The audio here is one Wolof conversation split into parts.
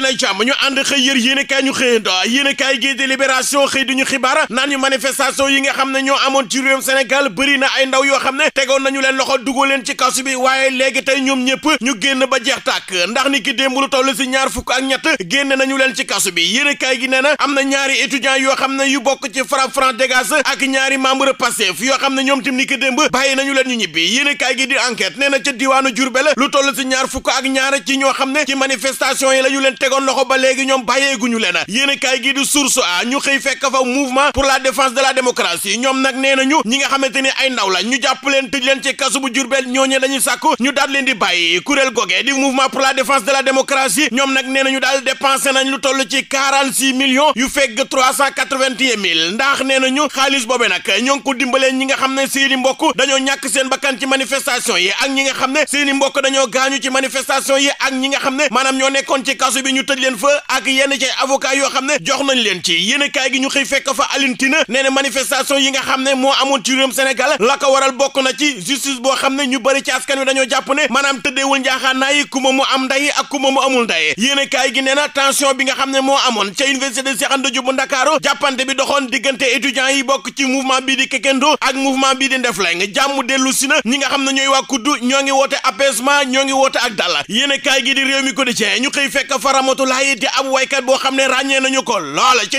dali nay jàmm yi nga xam ne ñoo amoon ci réewum Sénégal bëri yoo xam ne tegoon nañu leen loxo dugal leen ci kasu bi waaye léegi tey ñoom ñëpp ñu génn ba jeex tàkk ndax ni ki démb lu toll si ñaar fukk ak ñett génn nañu leen ci kasu bi i kaay gi nee na yoo xam ne yu bokk ci FRAPP France Dégage ak ñaari membre Pastef yoo xam ne leen ñu ñibbi yéen i kaay gi di enquête nee ca diwaanu Jurbel lu toll si ñaar fukk ak ñaar ci ñoo xam ne ci manifestation yi lañu leen tegoon loxo ba léegi ñoom bàyyeeguñu leen yéen a kaay gi di source a ñu xëy fekk fa mouvement pour la défense de la démocratie ñoom nag nee nañu ñi nga xamante ni ay ndaw la ñu jàpp leen tëj leen ci kasu bu Jurbel ñooñe ñu daal leen di bàyyi kuréel goge di mouvement pour la défense de ñoom nag nee nañu daal dépensé nañ lu toll ci 46 millions yu fekk 381 mille ndax nee nañu xaalis boobe nag ñoo ngi dimbalee ñi nga xam ne seeni mbokk dañoo ñàkk seen bakkan ci manifestation yi ak ñi nga xam ne seeni mbokk dañoo gaañu ci manifestation yi ak ñi nga xam ne maanaam ñoo nekkoon ñu tëj leen fa ak yenn ci avocat yoo xam ne jox nañ leen ci yéen kaay gi ñu xëy fekk fa Alioune Tine nee na yi nga xam ne moo amoon ci réewum Sénégal la waral bokk na ci justice boo xam ne ñu bëri ci askan wi dañoo jàpp ne maanaam tëddeewul njaaxaanaay yi ku ma mu am nday ak ku ma mu amul nday yéen kaay gi nee na bi nga xam ne moo amoon ca université de Cheikh Anta Diop bu Ndakaaru jàppante bi doxoon diggante étudiants yi bokk ci mouvement bii di Kekendo ak mouvement bii si na ñi nga xam ne ñoo ngi woote apaisement ñoo ngi rahmatulahi di ab waykat boo xam ne ràññee nañu ko loola ci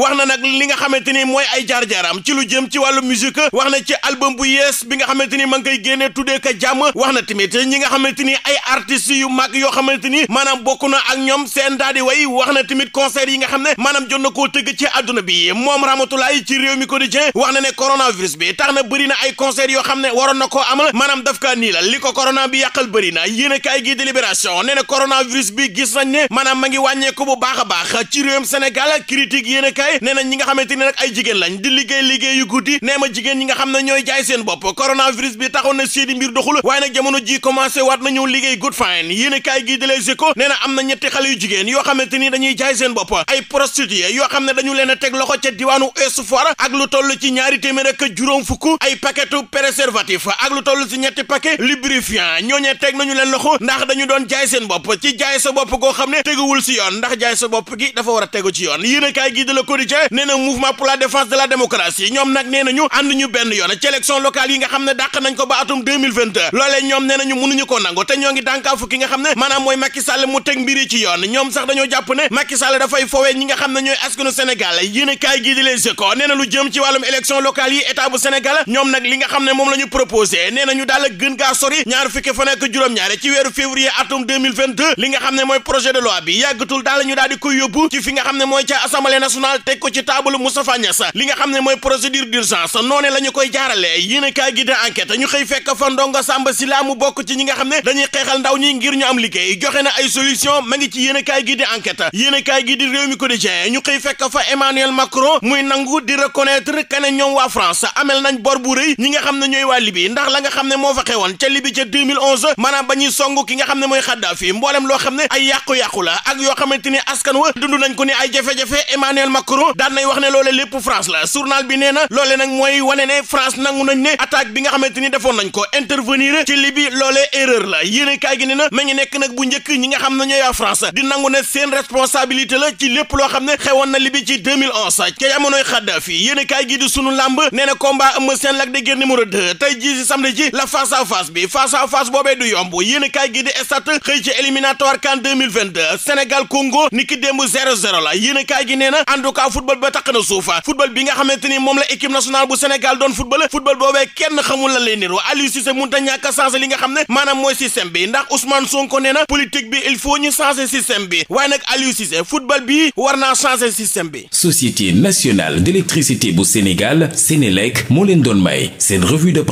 wax na nag li nga xamante ni mooy ay jaar-jaaram ci lu jëm ci wàllu musique wax na ci album bu yees bi nga xamante ni ma ngi koy génnee tuddee ka jàmm wax na tamit ñi nga xamante ni ay artistes yu mag yoo xamante ni maanaam bokk na ak ñoom seen daal wax na tamit concert yi nga xam ne maanaam jot na koo tëgg ci àdduna bi moom rahmatulahi ci réew mi quotidien wax na ne coronavirus bi tax na bëri na ay concert yoo xam ne waroon na ko amal maanaam daf kaa nii la li ko corona bi yàqal bëri na yéen a kaay gi délibération nee na coronavirus bi gis nañ nañ ne maanaam ma ngi wàññeeku bu baax a baax ci réewum Sénégal critique yéen nee nañ ñi nga xamante ni nag ay jigéen lañ di liggéey liggéey yu guddi nee ma jigéen ñi nga xam ne ñooy jaay seen bopp coronavirus bi taxoon na seeni mbir doxul waaye nag jamono ji commencé waat nañu liggéey good fine yéen gi di Les nee na am na ñetti xale yu jigéen yoo xamante ni dañuy jaay seen bopp ay prostituées yoo xam ne dañu leen a teg loxo ca diwaanu Ouest Foire ak lu toll ci ñaari téeméer ak juróom fukk ay paquetu préservatif ak lu toll ci ñetti paquet lubrifiant ñooñee teg nañu leen loxo ndax dañu doon jaay seen bopp ci sa bopp goo xam ne teguwul si yoon ndax jaay sa bopp gi dafa war a tegu ci yoon yéen a kaay gi de Le Quotidien nee na mouvement pour la défense de la démocratie ñoom nag nee nañu ànd ñu benn yoon ci élection locale yi nga xam ne dàq nañ ko ba atum 2022 loolee ñoom nee nañu mënuñu ko nangu te ñoo ngi dànkaafu ki nga xam ne maanaam mooy Macky Sall mu teg mbiri ci yoon ñoom sax dañoo jàpp ne Macky Sall dafay foowee ñi nga xam ne ñooy askanu Sénégal yéen a kaay gi di Les Échos nee na lu jëm ci wàllum nag li nga xam ne moom la ñu proposé nee nañu daal gën gaa sori ñaar fukki fan ak juróom-ñaar ci weeru février atum nga xam ne mooy projet projet de loi bi yàggatul daal ñu daal di koy yóbbu ci fi nga xam ne mooy ca assemblée nationale teg ko ci taabalu Moustapha Niass li nga xam ne mooy procédure d'urgence noonee la ñu koy jaaralee yéen a kaay gi ñu xëy fekk fa ndongo Samba Sylla mu bokk ci ñi nga xam ne dañuy xeexal ndaw ñi ngir ñu am liggéey joxe na ay solution ma ngi ci yéen a kaay gi di enquête yéen a kaay gi di réew mi quotidien ñu xëy fekk fa Emmanuel Macron muy nangu di reconnaître que ne ñoom waa France amel nañ bor bu rëy nga xam ne ñooy waa Libye ndax la nga xam ne moo fa xewoon ca Libye ca 2011 maanaam ba ñuy song ki nga xam ne mooy Kadhafi mboolem loo xam ne ay ak yoo xamante askan wa dund nañ ko ni ay jafe-jafe Emmanuel Macron daan wax ne loole lépp France la journal bi nee loole nag mooy wane ne France nangu nañ ne attaque bi nga xamante defoon nañ ko intervenir ci Libye loole erreur la yéene kaay gi ne na ma nekk nag bu njëkk ñi nga xam ne ñooy France di nangu ne seen responsabilité la ci lépp loo xam ne xewoon na Libye ci 2011 ca jamonoy Kadhafi yéene gi di sunu làmb nee na combat Eumeu Sène la 2022 Sénégal Congo ni ki démb 0-0 la yéen a nee na en tout cas football ba taq na suufa football bi nga xamante ni moom la équipe nationale bu Sénégal doon football football boobee kenn xamul lan lay niru Aliou Cissé mun ta ñàkk a changé li nga xam ne maanaam mooy système bi ndax Ousmane Sonko nee na politique bi il faut ñu changé système bi waaye nag Aliou Cissé football bi war naa changé système bi. Société nationale d'électricité bu Sénégal Sénélec moo leen doon may seen revue de